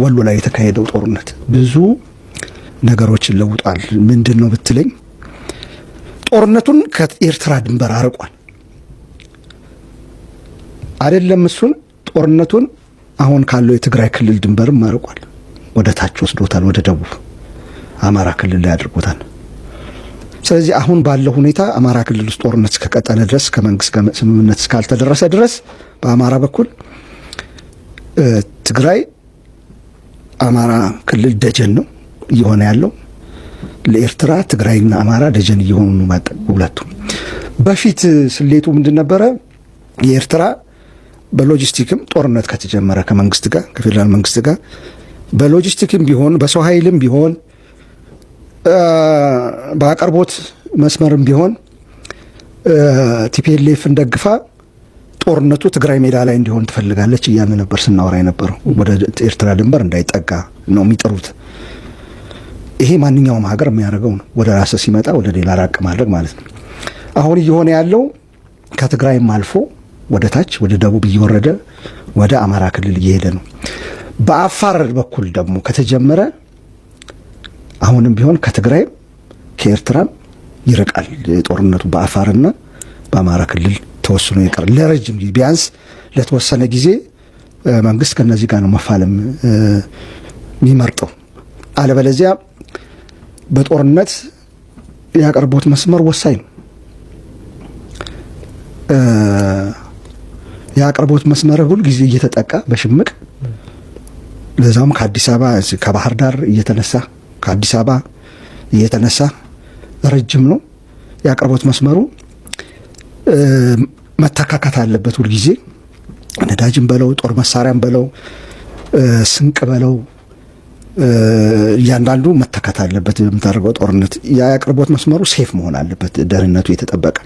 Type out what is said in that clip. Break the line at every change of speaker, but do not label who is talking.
ወሎ ላይ የተካሄደው ጦርነት ብዙ ነገሮችን ለውጧል። ምንድን ነው ብትለኝ ጦርነቱን ከኤርትራ ድንበር አርቋል። አይደለም እሱን ጦርነቱን አሁን ካለው የትግራይ ክልል ድንበርም አርቋል። ወደ ታች ወስዶታል። ወደ ደቡብ አማራ ክልል ላይ አድርጎታል። ስለዚህ አሁን ባለው ሁኔታ አማራ ክልል ውስጥ ጦርነት እስከቀጠለ ድረስ ከመንግስት ስምምነት እስካልተደረሰ ድረስ በአማራ በኩል ትግራይ አማራ ክልል ደጀን ነው እየሆነ ያለው ለኤርትራ ትግራይና አማራ ደጀን እየሆኑ ነው። ሁለቱ በፊት ስሌቱ ምንድን ነበረ? የኤርትራ በሎጂስቲክም ጦርነት ከተጀመረ ከመንግስት ጋር ከፌዴራል መንግስት ጋር በሎጂስቲክም ቢሆን በሰው ኃይልም ቢሆን በአቅርቦት መስመርም ቢሆን ቲፒኤልኤፍን ደግፋ ጦርነቱ ትግራይ ሜዳ ላይ እንዲሆን ትፈልጋለች እያለ ነበር ስናወራ የነበረው። ወደ ኤርትራ ድንበር እንዳይጠጋ ነው የሚጥሩት። ይሄ ማንኛውም ሀገር የሚያደርገው ነው። ወደ ራስ ሲመጣ ወደ ሌላ ራቅ ማድረግ ማለት ነው። አሁን እየሆነ ያለው ከትግራይም አልፎ ወደ ታች ወደ ደቡብ እየወረደ ወደ አማራ ክልል እየሄደ ነው። በአፋር በኩል ደግሞ ከተጀመረ አሁንም ቢሆን ከትግራይም ከኤርትራም ይርቃል ጦርነቱ በአፋርና በአማራ ክልል ተወስኖ ይቀር ለረጅም ጊዜ ቢያንስ ለተወሰነ ጊዜ መንግስት ከነዚህ ጋር ነው መፋለም የሚመርጠው። አለበለዚያ በጦርነት ያቀርቦት መስመር ወሳኝ ነው። የአቅርቦት መስመር ሁል ጊዜ እየተጠቃ በሽምቅ ለዛውም ከአዲስ አበባ ከባህር ዳር እየተነሳ ከአዲስ አበባ እየተነሳ ረጅም ነው የአቅርቦት መስመሩ። መተካካት አለበት። ሁልጊዜ ነዳጅን በለው ጦር መሳሪያን በለው ስንቅ በለው እያንዳንዱ መተካት አለበት። በምታደርገው ጦርነት የአቅርቦት መስመሩ ሴፍ መሆን አለበት፣ ደህንነቱ የተጠበቀ